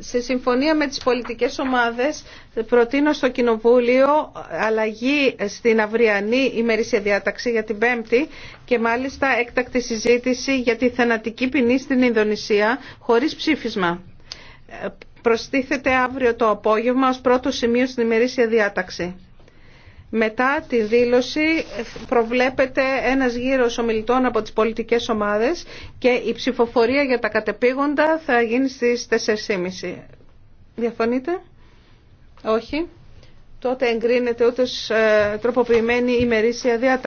σε συμφωνία με τις πολιτικές ομάδες προτείνω στο Κοινοβούλιο αλλαγή στην αυριανή ημερήσια διάταξη για την Πέμπτη και μάλιστα έκτακτη συζήτηση για τη θανατική ποινή στην Ινδονησία χωρίς ψήφισμα. Προστίθεται αύριο το απόγευμα ως πρώτο σημείο στην ημερήσια διάταξη. Μετά τη δήλωση προβλέπεται ένας γύρος ομιλητών από τις πολιτικές ομάδες και η ψηφοφορία για τα κατεπήγοντα θα γίνει στις 4.30. Διαφωνείτε? Όχι. Τότε εγκρίνεται ούτως ε, τροποποιημένη ημερήσια διάταξη.